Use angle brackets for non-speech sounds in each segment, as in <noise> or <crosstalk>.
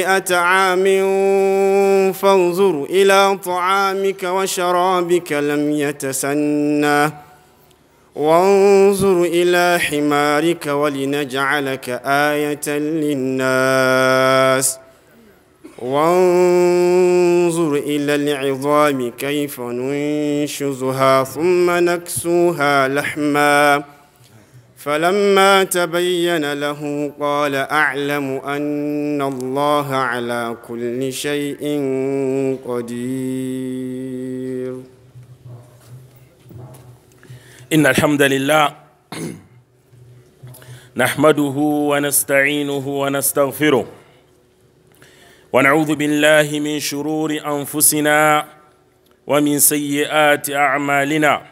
مئة عام فانظر إلى طعامك وشرابك لم يتسنى وانظر إلى حمارك ولنجعلك آية للناس وانظر إلى العظام كيف ننشزها ثم نكسوها لحماً فلما تبين له قال اعلم ان الله على كل شيء قدير ان الحمد لله <clears throat> نحمده ونستعينه ونستغفره ونعوذ بالله من شرور انفسنا ومن سيئات اعمالنا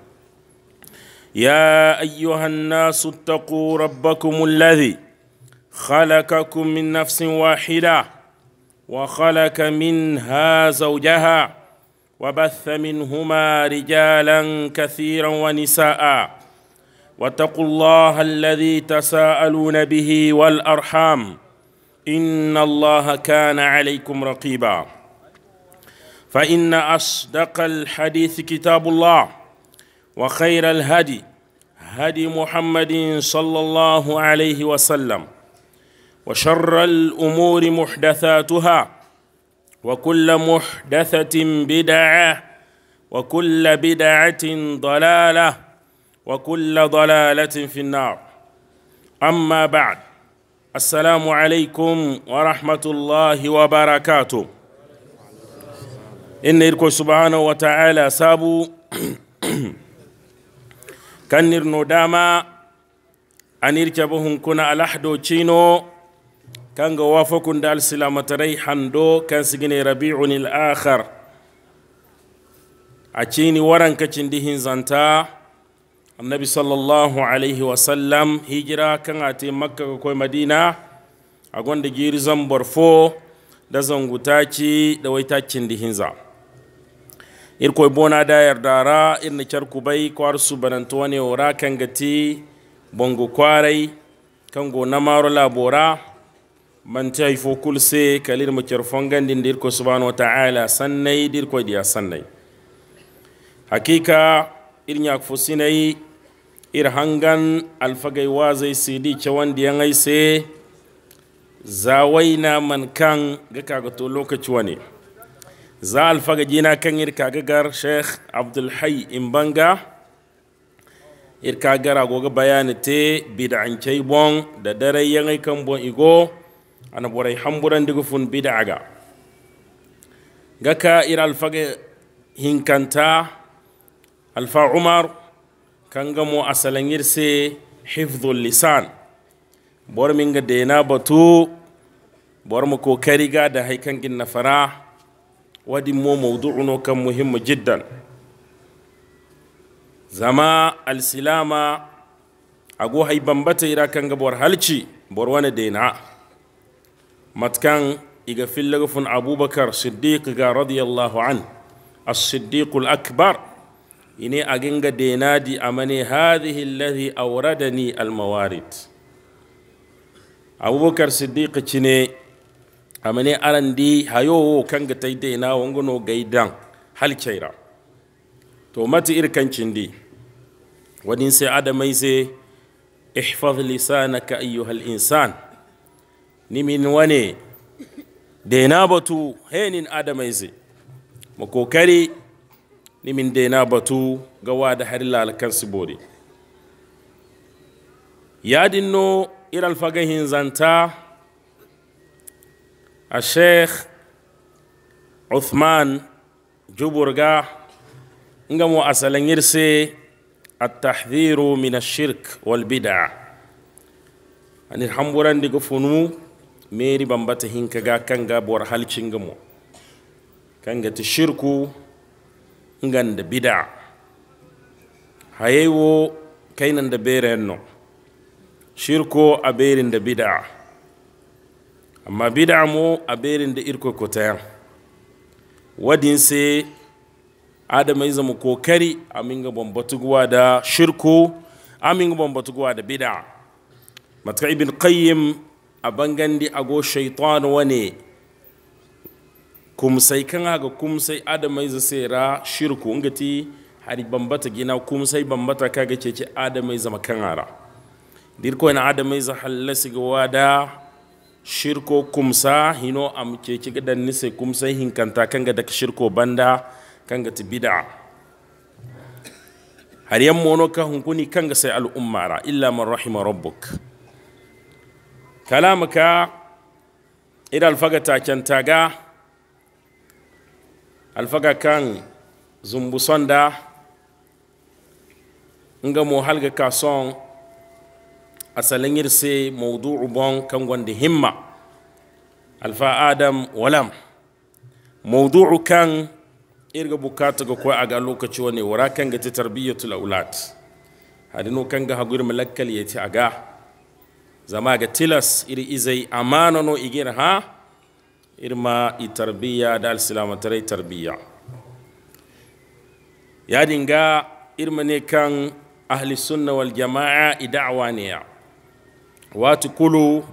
يا ايها الناس اتقوا ربكم الذي خلقكم من نفس واحده وخلق منها زوجها وبث منهما رجالا كثيرا ونساء واتقوا الله الذي تساءلون به والارحام ان الله كان عليكم رقيبا فان اصدق الحديث كتاب الله وخير الهدي هدي محمد صلى الله عليه وسلم وشر الأمور محدثاتها وكل محدثة بدعة وكل بدعة ضلالة وكل ضلالة في النار أما بعد السلام عليكم ورحمة الله وبركاته إن إركو سبحانه وتعالى سابوا kannir no dama anir caba hunkuna alahdo cino kanga wafakunda alsilamatarai hando kan sigine rabi'un al-akhar a cini waranka cindihin zanta annabi sallallahu alaihi sallam hijira kan ati makka kakwai madina a gwanda giri zambar fo da zanguta ci da waita cindihin za irkoy bonada yardara irna carkubay kwarsu banantone ora kangati bongo kwarai kango maro labora manti ay fo fongan din dir irko subhanahu wa taala dir ko diya sannai hakika ir ñak fo sinai ir hangan alfagay wazay sidi ai se zawaina man kan ga kaga to lokaci wane za faga jina kan irkagagar sheikh abdulhai imbanga irkagara goga bayani te bid'ancai bon da dare yangai kan bon igo ana borai hamburan digu fun bid'aga gaka ir alfaga hinkanta alfa umar kan gamo asalan irse hifdhul lisan bor minga dena batu bor mu kokari ga da haikan gin nafara fara wadin mo mawdu'uno kan muhimmu jiddan zama alsilama a hay bambata ira kan bor halci bor wana dena matkan iga fillaga abubakar siddiq ga radiyallahu an as-siddiq akbar ine aginga dena di amane hadhihi alladhi awradani al-mawarid abubakar siddiq cine amene arandi hayo kanga taide na wangono gaidan halkeira to mati irkancin di wadin sai adamai sai ihfaz lisanaka ayyuhal insan nimin wane daina batu henin adamai zai makokari nimin daina batu gawa da har lalakan sibori ya dinno iral fagahin zanta Sheikh Uthman Juburga nga mo asalan yirse at-tahdhiru min ash-shirk wal bid'a ani hamburan diga funu meri bambata hinka ga kanga bor halcin ga kanga ta shirku ngan da bid'a hayewo kainan da berenno shirko a berin da bid'a amma bida mo a berin da irko kotayan wadin sai adama yi zama kokari amin ga guwa da shirku amin ga guwa da bida matuka ibin qayyim a bangandi ago shaitan wani kumsai kan haka kumsai adama ya sera shirku ingati hari bambata gina kumsai bambata kaga ce adama yi zama kan ara dirko yana adama ya halasi guwa wada shirko kumsa hino am ke kiga nise kumsa hinkanta kanga daga shirko banda kanga ti bid'a har yan mono ka hunkuni kanga sai al'ummara illa man rahima rabbuk kalamaka ida alfaga taken taga alfaga kan zumbu sonda nga mo halga ka son asalin yirse Maudu'u bon kan gwanda himma alfa adam walam Maudu'u kan irga bukata ga kwa ga lokaci wani wara kan ga ta tarbiyatul aulad hadino kan ga hagur malakkal yati aga zama ga tilas iri izai amana no igir ha irma i tarbiya da alsilamatarai tarbiya ya dinga irma ne kan ahli sunna wal jama'a i da'awa ne ya واتي كلو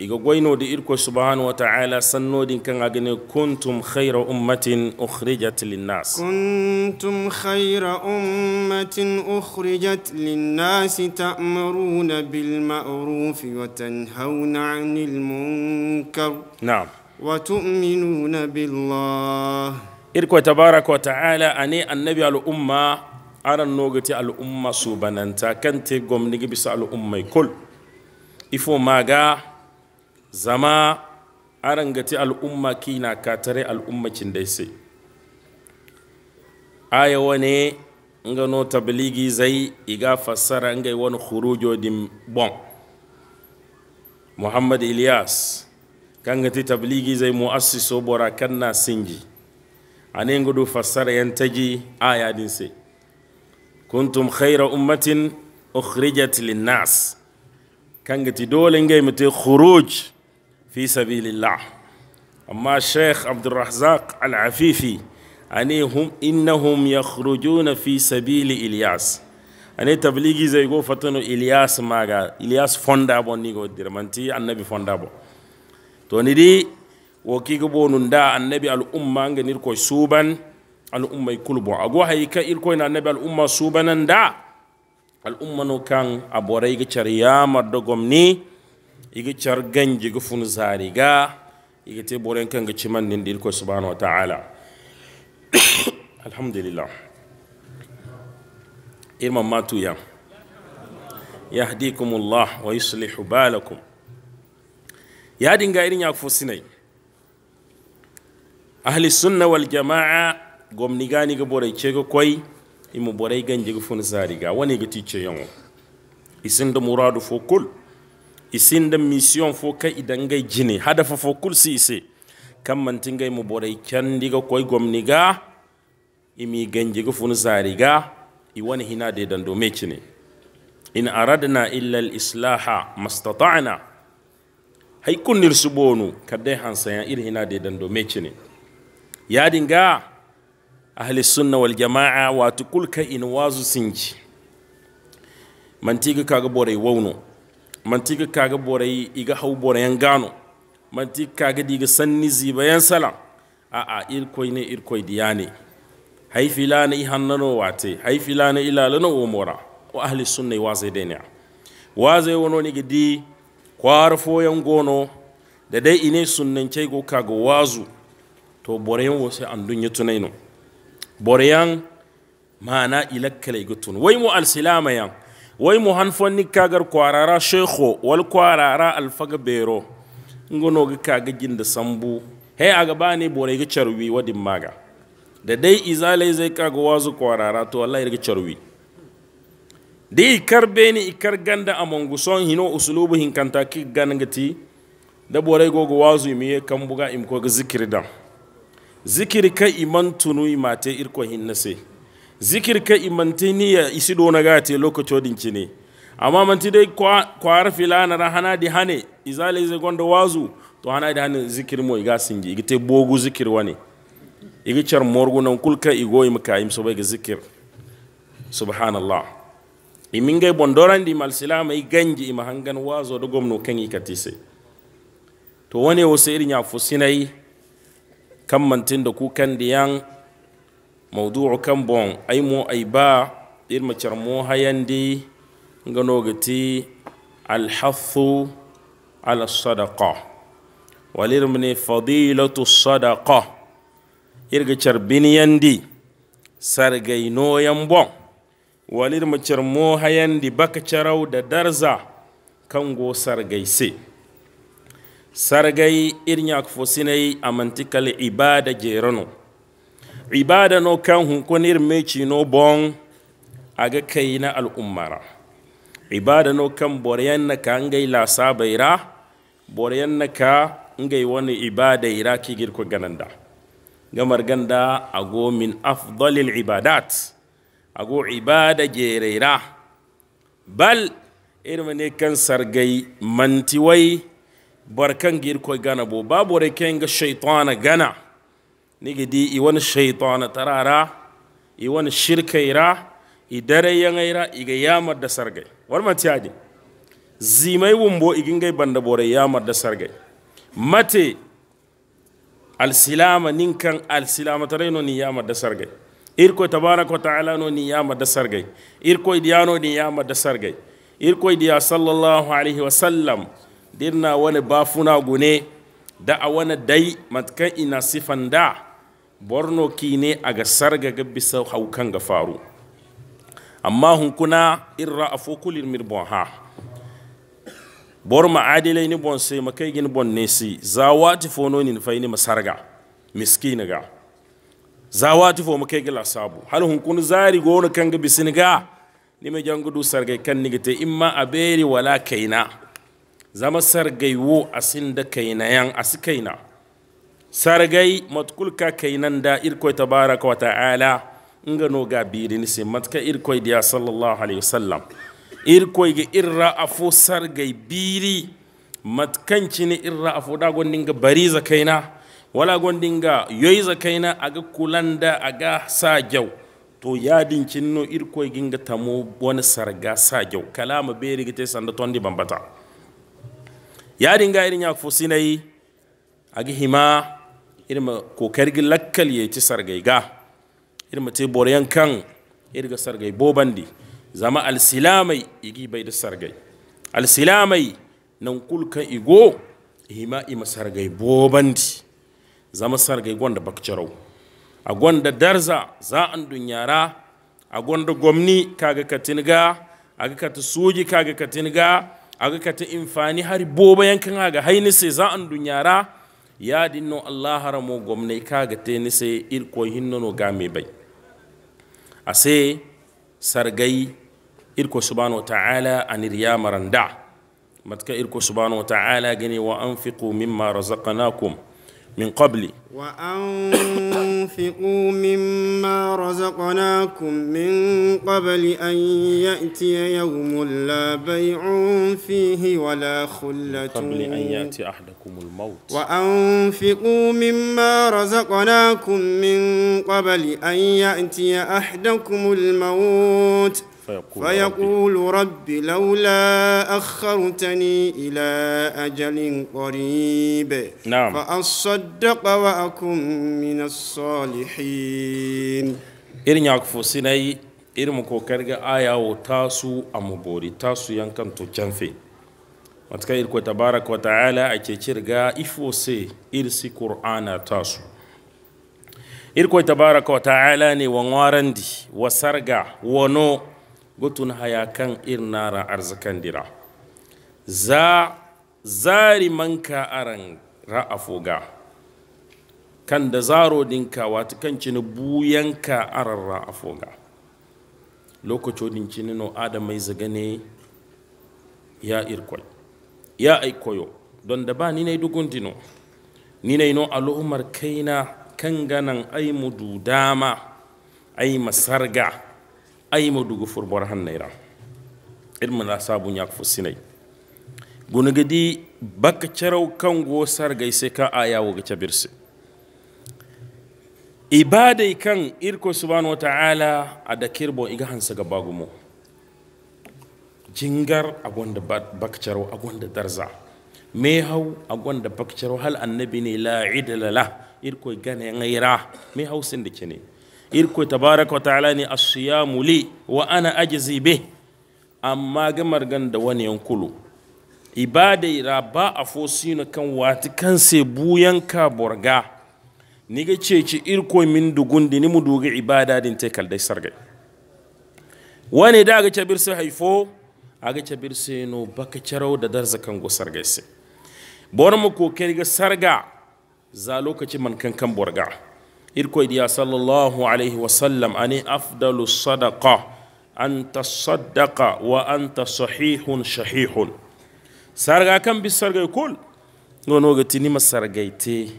إيغوينو دي إركو سبحانه وتعالى سنو دين كان أغني كنتم خير أمة أخرجت للناس كنتم خير أمة أخرجت للناس تأمرون بالمعروف وتنهون عن المنكر نعم وتؤمنون بالله إركو تبارك وتعالى أني النبي على الأمة أرى النوغة على الأمة سوبانانتا كنت قم نجيب سأل أمي كل ifo maga zama arangati al'umma kina katare al'ummacin da sai aya wane nga tabligi zai iga fassara nga wani khurujo din bon muhammad ilyas kan gati tabligi zai muassiso bora na sinji ane nga du fassara taji aya din sai kuntum khaira ummatin ukhrijat linnas nas كانتي دول انجي متي خروج في سبيل الله أما الشيخ عبد الرزاق العفيفي أني هم إنهم يخرجون في سبيل إلياس أني تبليغي زي قو فتنو إلياس ماغا إلياس فوندا فوندابو نيغو مانتي النبي فوندا بو توني دي وكيغو بونون نوندا النبي الأمة كو سوبان الأمة يكلبو أقوها يكا إلكوين النبي الأمة سوبانا دا al'umma kan a bora iga car yamar da gwamni iga car ganji ga funu zariga iga te kan ga ciman din dirko subhanahu wa ta'ala <coughs> alhamdulillah irman matu ya yahdikumullah wa yuslihu balakum ya dinga irin ya sinai ahli sunna wal jama'a gwamni gani ga borai ce ga kwai imu borai ganji gufun zariga wani ga tice yanwo isin da muradu fo kul isin da mission fo kai idan gai jini hadafa fo kul si ise kan mantin gai mu kyan diga kwai gwamni ga imi ganji gufun zariga i wani hina da dan dome ne in aradna illa al islaha mastata'na hay kunnir subonu kadai hansa ya hina da dan dome ne yadin ga. ahli sunna wal jama'a wato kulka in wazu sinji mantiga kaga borai wauno mantiga kaga borai iga hau borayan gano mantiga kaga diga sanni zibayan sala a a irkoi ne irkoi diyane hay filana i hannano wate hay filana ilalano wo mora wa ahli sunna waze dene waze wono ni gidi kwar foyan gono da dai ine sunnan cego go kaga wazu to borayan wose andun ya boreyan mana ilakkale gutun wai mu yan wai mu hanfonni kagar kwarara shekho wal kwarara alfaga bero ga kaga jinda sambu he aga bani bore ga charwi wadin maga da dai izalai zai kaga wazu kwarara to wallahi ga charwi dai ikar ni ikar ganda a manguson hino usulubu hinkanta kantaki ganangati da borai gogo wazu miye kan buga imko ga zikirdan zikir ka iman tunu imate irko hinna se zikir ka imante ni ya isido na gate lokaco dinki ne amma manti dai kwar filana ra hana di hane izale ze gondo wazu to hana di hane zikir mo iga singi igite bogu zikir wani igi char morgu nan kulka igo im ka im sobe ga zikir subhanallah iminga bondoran di mal silama iganji im hangan wazo do gomno kan ikatise to wane wo sai irin ya fusinai kan mantin da ku kan diyan mawdu'u kan bon ai mu ai ba ir ma hayan hayandi ngano gati al hafu ala sadaqa walir mini fadilatu sadaqa irga charbini yandi sargai no bon walir ma hayan hayandi baka charau da darza kan go sargai sargai irnya a mantikali ibada jerano ibada no kan hunkunir meci no bon aga kai na al'ummara ibada no kan boryan na ka gai la sabaira boryan na ka ngai wani ibada ira ki girko gananda gamar ganda ago min afdalil ibadat ago ibada jerera bal irin ne kan sargai mantiwai barkan gir koy gana bo babore kenga shaytana gana nige di i wani shaytana tarara i wani ira i dare yangaira ga yamar da sargai ma tiyaje zimai wumbo igingai banda bore yamar da sargai mate silama ninkan silama tarino ni yamar da sargai irko tabaraka wa ta'ala no ni yamar da sargai irko diano ni yamar da sargai irko diya sallallahu alaihi wa sallam dirna wani bafuna gune da a wani dai matkan ina sifan da borno ki ne a ga sarga ga bisa haukan ga faru amma hunkuna irra a fokulin mirbon ha bor ma'adilai ni bon sai makai gin bon ne si ti fono ni fai ni masarga miskini ga ti fo makai gila sabu hal hunkun zari gona kan ga bisiniga ni mai jangudu sargai kan nigite imma a beri wala kaina zama sargai a sin da kainayan asu kaina sargai matkulka kainan da irkoi tabaraka wa ta'ala nga gano ga birin sai matka irkoi dia sallallahu alaihi wasallam irkoi ga irra fo sargai biri matkanci ne irra afo da bari za kaina wala yoyi za kaina a aga kulanda ga sa jau to yadin no irkoi ginga tamo wani sarga sa jau kalama beri ta sanda tondi bambata yadin ga irin yakfo sinai a hima irin kokar gi lakkal ye ci ga irin te boryan kan irga sargai bobandi zama alsilamai igi bai da sargai alsilamai nan kulkan igo hima ima sargai bobandi zama sargai gwanda bakcarau a gwanda darza za an dunyara a gwanda gwamni kaga katinga aga kata soji kaga katinga aga kata infani hari boba yankan aga haini sai za an dunyara ya dinno Allah haramo gwamnati kaga te ni se irko no game bai ase sargai irko subhanahu wa ta'ala anir ya maranda matka irko subhanahu wa ta'ala gani wa anfiqu mimma razaqnakum من قبل وأنفقوا مما رزقناكم من قبل أن يأتي يوم لا بيع فيه ولا خلة قبل أن يأتي أحدكم الموت وأنفقوا مما رزقناكم من قبل أن يأتي أحدكم الموت فيقول, فيقول ربي, لولا أخرتني إلى أجل قريب نعم فأصدق وأكن من الصالحين إرن يعكفو سيني إرن مكو كارغة آية وتاسو أمبوري تاسو ينكن تجنفي matakai irko تبارك وتعالى ta'ala ake إفو سي إرسي قرآن تاسو irko tabarak wa ta'ala ne wa warandi wa sarga wano gutun haya kan nara arzikan dira za zari manka aran ra'afoga kan da zaro dinka wata kan cini buyanka aran ra'afoga lokacin cini no adamai ne ya irkwai ya aikoyo don da ba ni ne dugun dino ni ne no al'ummar kaina kan ganan ai mudu dama ai masarga ay ma dugu furbor hannaira irma na bu nyak fu sinai gunugadi baka carau kan go sargai se ka aya waga cabirse ibadai kan irko subhanahu wa ta'ala a da kirbo iga hansa ga bagumo jingar a gwanda baka a darza me hau a gwanda baka hal annabi ne la idala la irko gane ngaira me hau sin da ke ne irko tabaraka ta'ala ni as-siyamu li wa ana ajzi bih amma gamar da wani yankulu ibada ira ba a fosina kan wati kan sai buyan ka borga ni ga ceci irko min dugun ni mu dugi ibada din te kal dai sargai wani da ga cabir sai haifo a ga cabir sai no baka carau da darza kan go sargai sai bor mu kai ga sarga za lokaci man kan kan borga irkoyɗiya sallllahu alayhi wa sallam ani afdalu sadaqa an tasaddaqa wa anta sahihun shahihun sarga kan bi sargay kol nonoga tinima sargayte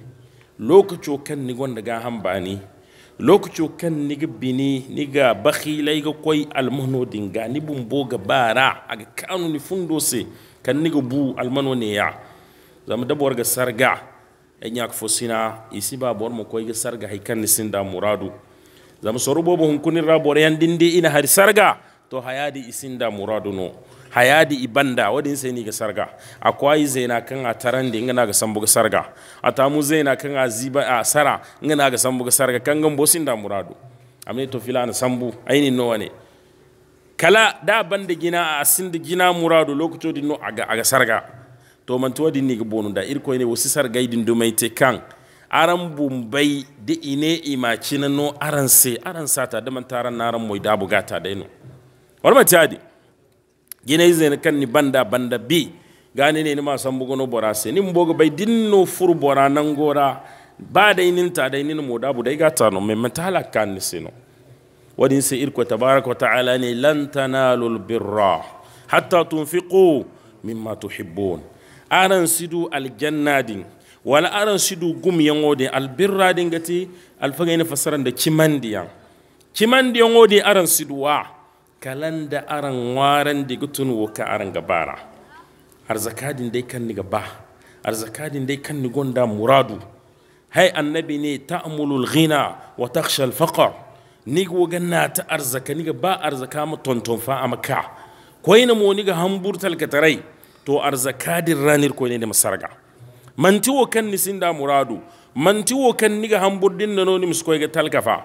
lokaco kan ni gonda ga hambani lokaco kan niga bini niga bakhilay ga koy almano dinga ni bumbo ga bara aga kanu ni fundo se kan niga bu almano ne ya zama dabuwar ga sarga yak fosina isi ba bor mo koyge sarga hay kan sinda muradu zam sorubo bo hunkuni yan dindi ina har sarga to hayadi isinda muradu no hayadi ibanda wadin sai ni ga sarga akwai zaina kan a taran da ingana ga sambu ga sarga a tamu zaina kan a ziba a sara ingana ga sambu ga sarga kan gan bosin da muradu amne to fila na sambu aini no wane kala da banda gina a asin da gina muradu lokacin din no aga aga sarga to man tuwa din ga bonu da irko ne wasu sar gaidin dumai te kan aran bumbai de ine ima na no aran se aran sata da man taran naran moy da bugata da ino war ma tiadi gine izene kan ni banda banda bi gane ne ni ma san bugo no bora se ni mbogo bai din no fur bora nan gora ba da inin ta da inin mo da bu dai ta no me mentala kan ni se no wadin se irko tabaraka wa ta'ala ne lan tanalul birra hatta tunfiqu mimma tuhibbun aran sidu aljannadin wala aran sidu gum yangode albirra gati alfaga ina fasaran da kimandiya kimandiya ngode aran sidu wa kalanda aran waran wo ka aran gabara arzakadin dai kan ni gaba arzakadin dai kan ni gonda muradu hay annabi ne ta'mulul ghina wa takhsha al-faqr ni ta arzaka ni ba arzaka mu tonton fa amaka koyna mo ni ga hamburtal talkatarai to arzakadin ranir ko ne da masarga manti wo kan ni sinda muradu manti wo kan ni ga hamburdin da noni musko ga talkafa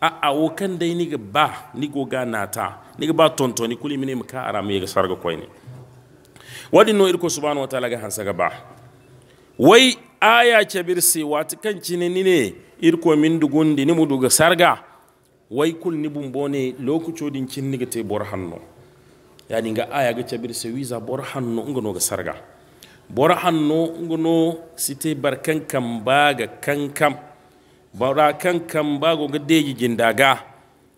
a a wo kan dai ni ga ba ni go ga nata ni ga ba tontoni kuli mine muka aramu ga sarga ko ne wadi no irko subhanahu wa ta'ala ga hansa ga ba wai aya ce birsi wata kan cine ni ne irko min dugundi ni mu duga sarga wai kul ni bumbo ne lokacin cin ni ga te bor hannu yani nga aya ga cabir se wiza bor hanno ngono ga sarga bor hanno ngono site barkan kam baga kankam kan kankam bago ga deji jindaga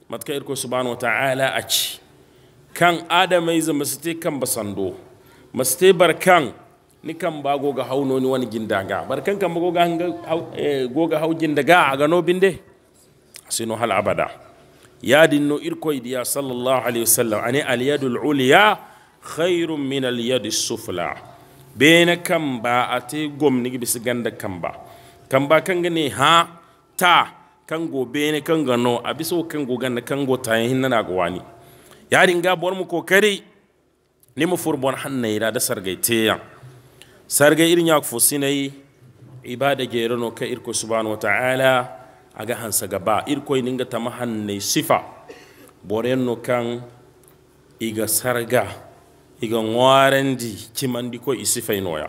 matka irko subhanahu wa ta'ala aci kan adamai zama site kan basando maste barkan ni kan ba goga hauno ni wani jindaga barkan kan ba goga hau jindaga a gano binde sino hal abada yadin no irko idiya sallallahu alaihi wasallam ani al uliya khairun min aliyadi sufla bena kamba ate gomni bisi ganda kamba kamba kanga ne ha ta kango bene kanga no abiso kango ganda kango ta hinna na gwani yadin ga bor mu kokari ni mu furbon ira da sargaiteya Sargai irin ya fusinai ibada gerano ka irko subhanahu wa ta'ala aga hansa gaba irkoy ninga tama ne sifa borenno kan iga sarga iga ŋwarendi cimandi ko i sifaynoya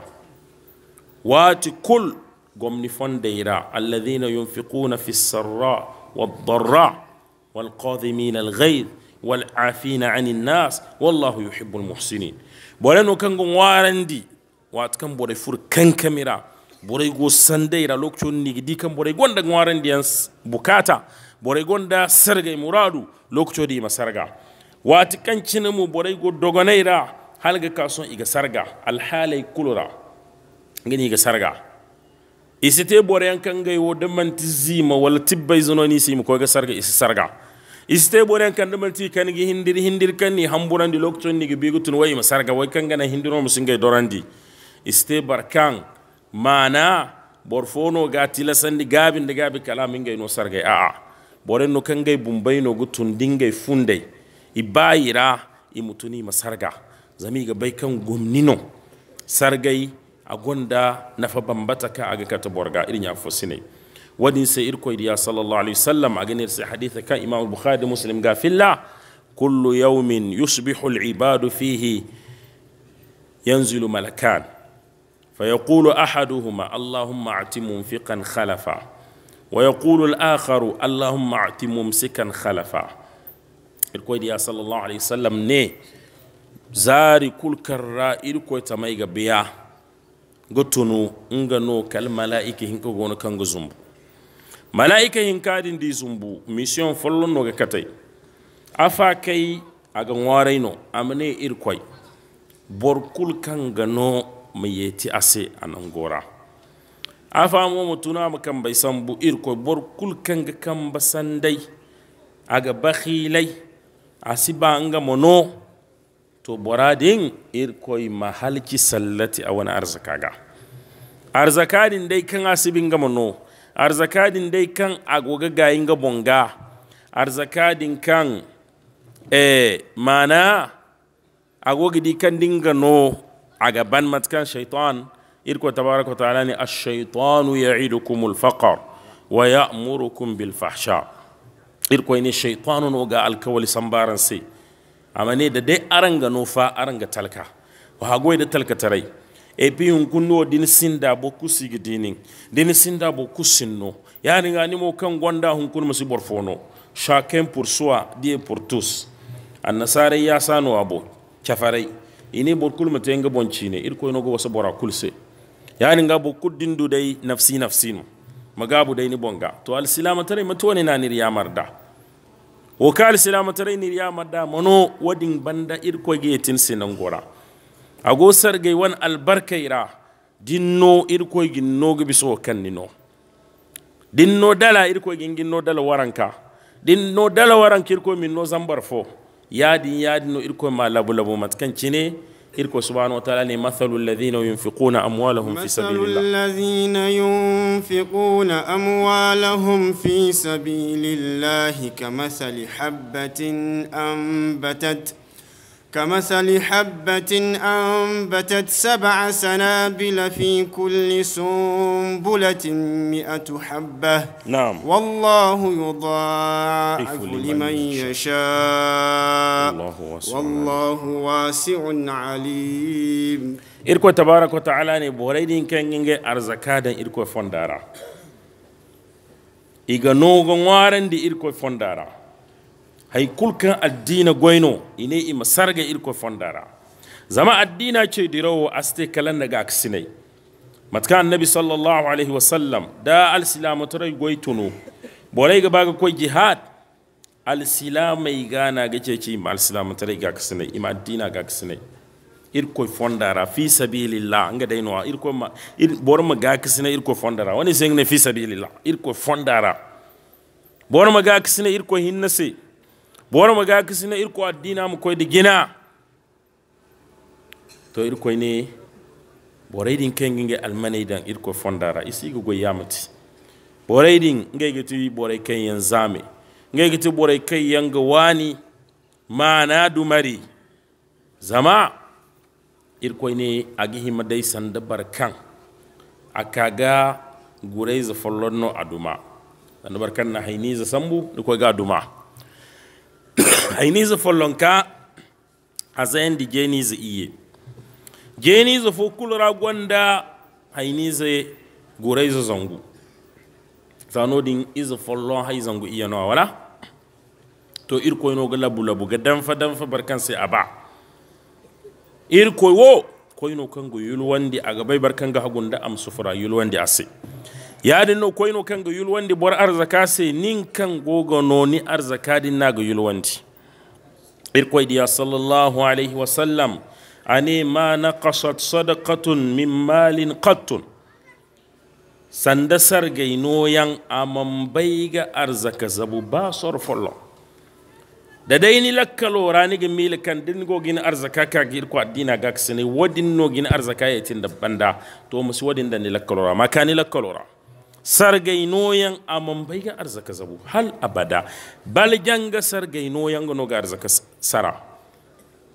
wati kul gomni fondeyra alladina yunfiquna fi sarra waldarra walkadimina alghaid walafina ani nnas wallahu yuhibu almuhsinin borenno kango ŋwarendi wati kan bore fur kankamira boray go sandeyra lokcon ni gidi kam boray gonda gwarandiyan bukata boray gonda sargay muradu lokcodima sarga wati mu boray go dogonayra halga kason iga sarga alhaalay kulora ngani iga sarga isite borayan kangay wo damanti zima walla tibbay zononi sima koyga sarga isi sarga isite borayan kan damanti kanigi hindir hindir kanni hamburandi ni nigi bigutun wayima sarga way kangana hindiroma singay dorandi isite barkan mana bor fono ga sandi gabin da gabi kalamin gaino no sargai a'a boren no kan gai bumbai no gutun dingai fundai ibayira i mutuni masarga zami ga bai kan gomnino sargai a gonda nafa bambata ka aga kata borga irin ya fosine wadin sai irko ya sallallahu alaihi wasallam a ganin sai haditha kan imam bukhari da muslim ga filla kullu yawmin yusbihu al-ibadu fihi yanzilu malakan فيقول أحدهما اللهم أعت منفقا خلفا ويقول الآخر اللهم أعت ممسكا خلفا الكويد يا صلى الله عليه وسلم ني زاري كل كرا إلكوي تمايغ بيا قطنو انغنو كالملائكة هنكو غونو كانغو زنبو ملائكة هنكادين دي زنبو ميسيون فلون نوغا كتاي أفا كي أغنوارينو أمني إلكوي بور كل كانغنو mu ti ase nan gora a famo mutuna mu kan bai san bu ir ko bor ga kan ga bakhilai a si ba asiba ga mono to boradin ir ma halki sallati a wani arzaka ga din dai kan asibin ga mono din dai kan agoga gayin ga bonga din kan eh mana agogidi kan dinga no a gaban matakan shaitan irko tabaraka ta'ala ne ash-shaytanu ya'idukumul faqr wa ya'murukum bil fahsha irko ne shaytanu no ga alkawali sambaran sai amma ne da dai aranga nufa fa aranga talka wa hagoi da talka tarai e bi un kunno din sinda bo kusigi dinin din sinda bo kusinno yani ga nimo kan gonda hun kun borfono chacun pour soi dieu pour tous annasare ya sanu abo kafarai ini bor kul mate nga bonci ne irko no go wasa bora se yani nga bo kuddin du dai nafsi nafsin magabu dai ni bonga to al silama tare matone na niriya marda wo ka al silama tare niriya marda mono wadin banda ge tin sinan gora ago sargai wan barkaira dinno irko ginno gibi biso kannino dinno dala irko gin ginno dala waranka dinno dala waranka min minno zambar fo يادي يادي نو إركو ما لبو لبو ما تكنتيني إركو سبحانه وتعالى مثل الذين ينفقون أموالهم في سبيل الله مثل الذين ينفقون أموالهم في سبيل الله كمثل حبة أنبتت كمثل حبة أنبتت سبع سنابل في كل سنبلة مئة حبة نعم والله يضاعف لمن يشاء والله واسع عليم إركو تبارك وتعالى نبوريدين كان أرزكادا إركو فندارا إيغا نوغو وارن دي إركو فندارا hay kulkan addina goyno ine ima sarga irko fondara zama addina ce dirawo aste kalan naga aksinai matka annabi sallallahu alaihi wasallam da alsilamu tarai goituno borai ga baga koi jihad alsilamai gana ga ce ci ma alsilamu tarai ga aksinai ima addina ga aksinai irko fondara fi sabilillah anga daino irko ma ir borma ga aksinai irko fondara wani sengne fi sabilillah irko fondara borma ga aksinai irko hinnase boro maga kisina irko addina mu da digina to irko ne boray din kenginge almanay dan irko fondara isigo ya yamati boray din ngege ti boray kai yan zame ngege ti boray kai yanga wani mana dumari zama irko ne agi dai sanda barkan akaga gurai za follonno aduma sanda barkan na haini za sambu ni koy ga aduma ainihi follonka azendi jenize iye jenizo fo kulra gonda haynize gurezo zangu zanodin ize follon hay zangu iya no wala to irkoy no labu labu ga damfa damfa barkan sai aba irkoy wo koyno kango wandi aga bay barkan ga hagunda am sufura wandi ase yadin no koyno kango yulwandi bor arzaka sai nin kan no ni arzaka din yul wandi diya sallallahu alayhi wa sallam ani ma naqasat sadakatun min malin qattun sanda sargay noyan aman bayga arzaka zabu ba sor follo da ni lakkalo raniga mila kan dingo gina arzaka ka gir ko addina ga sene wadin no gina arzaka yatin da banda to musu wadin da ni lakkalora ma kani ra. a mambai ga arzaka zabu hal abada baljan ga sargainoyan gano ga arzaka sara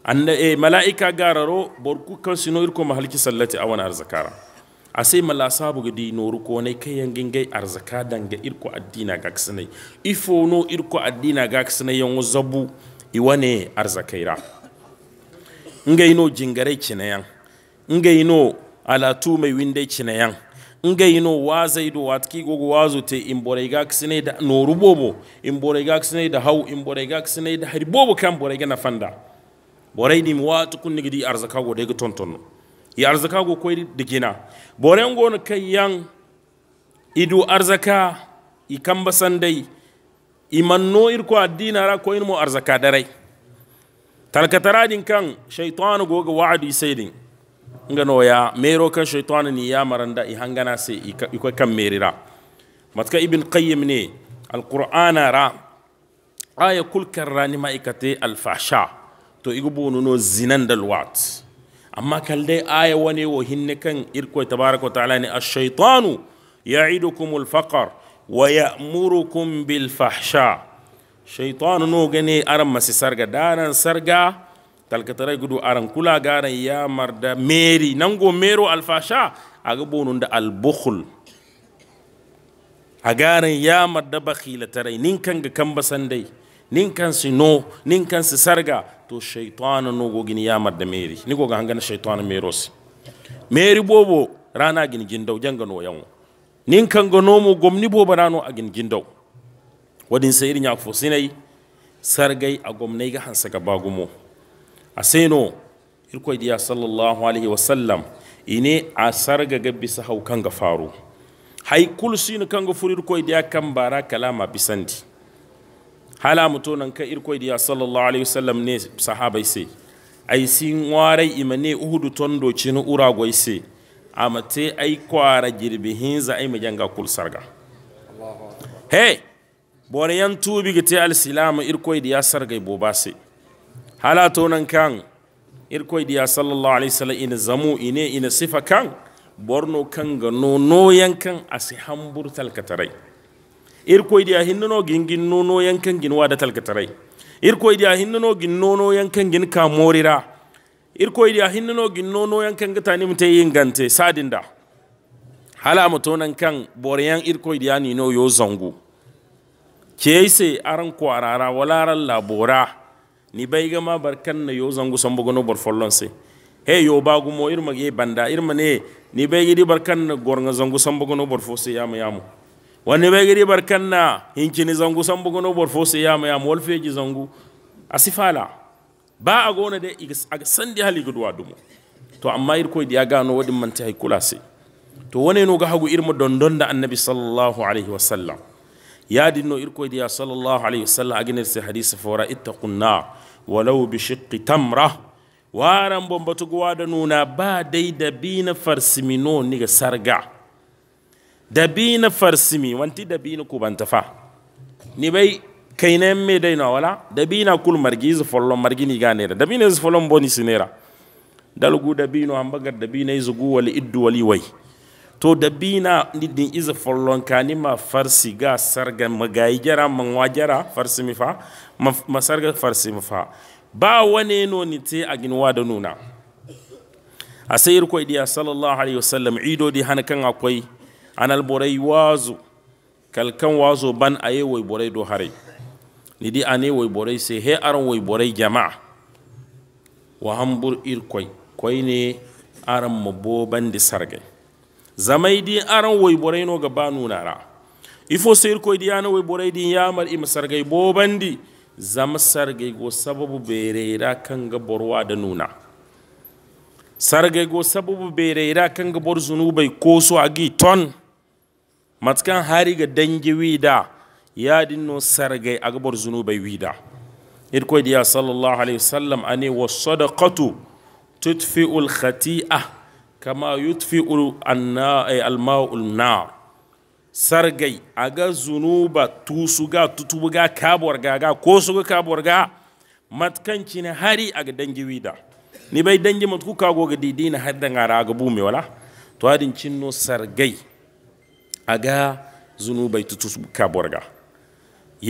anda e eh, malaika gararo borku kan sino irko mahalki sallati awan arzakara asai mala sabu ga di noru ko ne kayan gingai arzaka danga irko addina ga kisne ifo no irko addina ga kisne yan zabu iwane arzakaira ngai no jingare kinayan ngai no alatu mai windai kinayan nga yino watki gogo wazo te imbora iga nooru boobo hau imbora iga imboreyga da hari boobo kan iga nafanda borey mwatu watu kunnigidi arzakago dega tontonno i arzakago koyri digina boren gono kai yan idu arzaka i kamba sanday i manno irko addinara koyinmo arzaka darai talkataradin kan shaytanu gogo wa'adu saidin. ngano ya mero kan shaitan ni ya maranda i hangana se i ko kan merira matka ibn qayyim ne alqur'ana ra aya kul karrani ma alfasha to igubu no zinan dal wat amma kal aya wani wo hinne kan irko tabaraka ta'ala ni ash-shaytanu ya'idukum al-faqr wa ya'murukum bil fahsha shaytanu no gane aran masisarga daran sarga talkatara gudu aran kula gara ya marda meri nango mero alfasha aga bonun da albukhul a garan ya marda bakhila tarai ninkan ga kan dai ninkan su no ninkan su sarga to shaytana no go ya marda meri ni go ga hangana mero si meri bobo rana gini jindau janga no yawo ninkan ga nomo gomni bobo rano a gini jindau wadin sayir nya fosinai sargai a gomnai ga hansa ga bagumo A seno irko diya sallallahu alaihi wasallam ine a sarga gabbi bisa hau kan ga faru hai kul sinu kan ga furi ko diya kan bara kalama bisandi hala muto nan ka irko diya sallallahu alaihi wasallam ne sahabai sai ai sin warai imane uhudu tondo cinu ura goise te ai kwara girbi hinza ai majanga kul sarga he bore yan tubi gite al silamu irko diya sargai bobase hala tonan kan irkoi diya sallallahu alaihi wasallam ina zamu ine ina sifa kan borno kan ga nono yankan asi hambur talkatarai irkoi diya hinno gingin nono yankan gin da talkatarai irkoi diya hinno gin nono yankan gin ka morira irkoi diya hinno gin nono yankan tani mutai yin gante sadinda hala tonan kan boryan irkoi diya ni no yo zangu kese aran kwarara walaran labora ni bayga ma barkan na yo zangu sambo gono follon se he yo bagu mo irma ge banda irma ne ni baygi bar barkan na gornga zangu sambo gono bar fosse yamu yamu wani baygi bar barkan na ni zangu sambo gono bar fosse yamu yamu wal feji zangu asifala ba a gona da a san da hali guduwa dumo to amma irko da ya gano wadi man ta kula to wone no ga hagu irma dondon da annabi sallallahu alaihi wasallam ya dinno irko da ya sallallahu alaihi wasallam a ginar sai hadisi fora ittaqun walau bi shiqqi tamra waran bombatu da nuna ba dai da bina farsimino ni ga sarga da bina farsimi wanti da bina ku banta fa ni bai kai ne me dai na wala da bina kul margi zu follon margi ni gane da bina zu follon boni sinera dalgu da bino ambagar da bina zu guwali iddu wali wai to da bina din iza follon kani ma farsi ga sarga magayi jara man wajara farsi mi fa ma sarga farsi mi fa ba wane no ni te a ginwa da nuna a sai irko idiya sallallahu alaihi wasallam ido di hana kan akwai an borai wazu kalkan wazo ban aye wai borai do hare ni di ane wai borai sai he aran wai borai jama'a wa hambur irkoi koi ne aran mabo ban di sargai di aran woyborayno ga banunara ifo di yana woyboraydin yamar ima bo bobandi zama sargai go sababu kan kanga borwa da nuna sargai go sababu bereyra kanga bor zunubay koso agi ton matkan ga dangi wida yadinno sargai aga bor zunubai wida irkoydi ya sallallahu alaihi wasallam ane wasadaqatu tudfi'u khati'ah kama yutfi'u anna eh, alma'ul nar sargai aga zunuba tusuga tutubuga kaborga ga ko kabuwar ga matkanci ne hari ga dangi wida ni bai dangi matku kago ga didi na hadda ngara ga bume wala to hadin cinno sargai aga zunubai kabuwar ga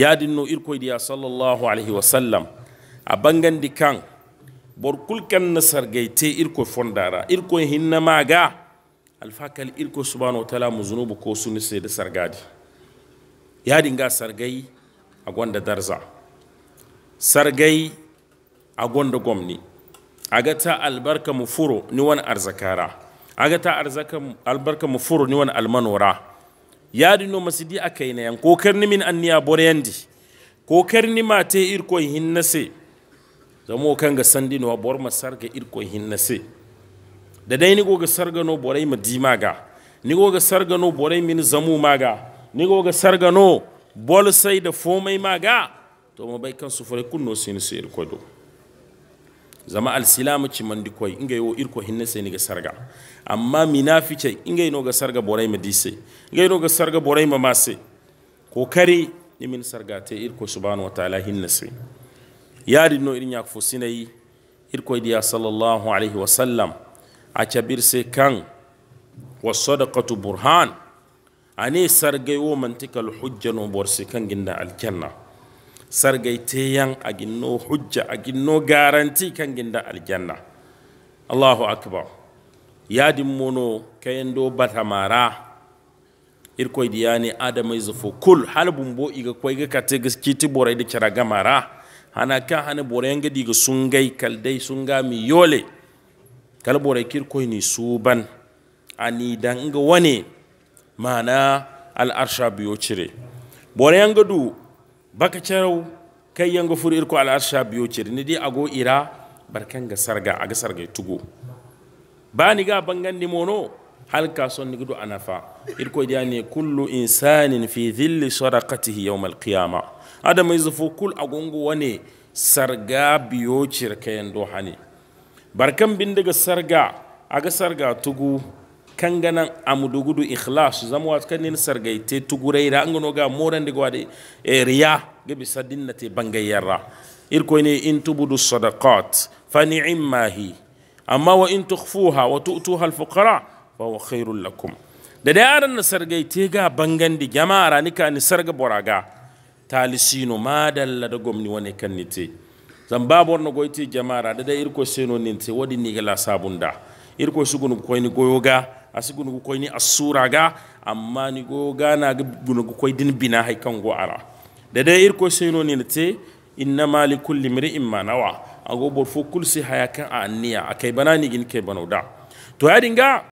yadin no irko diya sallallahu alaihi wasallam a bangan dikan borkul kulkan na sargaite irko fondara irko hinna maga alfakal irko subhanahu wa ta'ala muzunubu ko sunu sai da sargadi ya dinga sargai a gwanda darza sargai a gwanda gwamni a ga ta albarka mu furo ni wani arzakara a ga ta albarka mu furo ni wani almanora ya dino masidi a na yan kokarni ni min anniya niya boreyandi kokar ni mate irko hinna sai zamo kan ga sandi no bor ma sarga irko hinna se da dai nigo ga sarga no borai ma dima ga nigo ga sarga no borai min zamu ma ga nigo ga sarga no bol sai da fomai ma ga to ma bai kan sufure kunno sin se irko do zama alsilamu ci mandi koy inga yo irko hinna se ni ga sarga amma minafice inga no ga sarga borai ma dise inga no ga sarga borai ma mase kokari ni min sarga te irko subhanahu wa ta'ala hinna se yari no irin yak fusinayi irko diya sallallahu alaihi sallam a cabir sai kan wa sadaqatu burhan ani sargai wo mantikal hujja no bor kan ginda aljanna sargai teyan a ginno hujja a garanti kan ginda aljanna allahu akbar yaadi mono kayan do batamara irko diya ne adamai zufo kul halbun bo iga kwai ga kate gaski tiborai da kira gamara hana kan hana bore gadi ga sun gai kaldai sun ga mi yole kal kir koy ni suban ani danga wane mana al arsha biyo cire yanga du baka cerau kai yanga furi irko al arsha biyo cire ni dai ago ira barkan ga sarga aga sarga tugo bani ga bangan ni mono hal ka son ni gudu anafa irko dia kullu insanin fi dhilli sadaqatihi yawm al qiyamah hada mai zafo kul agungu wane sarga biyo cirkayen dohane barkan bin daga sarga aga sarga tugu kan ganan amudugudu ikhlas zama wa kan nin sargaite tuguraira an gano ga moran daga wade riya ga bisa dinnate bangayyarra irko ne in tubudu sadaqat fa ni'imma hi amma wa in tukhfuha wa tu'tuha al-fuqara fa huwa khairul lakum da da yaran na sargaite ga bangan di jama'a ranika ni sarga boraga talisino dalla da gomni wane kan nite zan babu goyti jamara da da irko seno ninte wadi ni gala sabunda irko sugun ko ni goyoga asugun ko ni asura ga amma ni goga na gubun ko din bina hay kan go ara da da irko seno ninte innama li kulli mri'in ma nawa ago bor kulsi hayakan a anniya akai banani gin kai banoda to ya dinga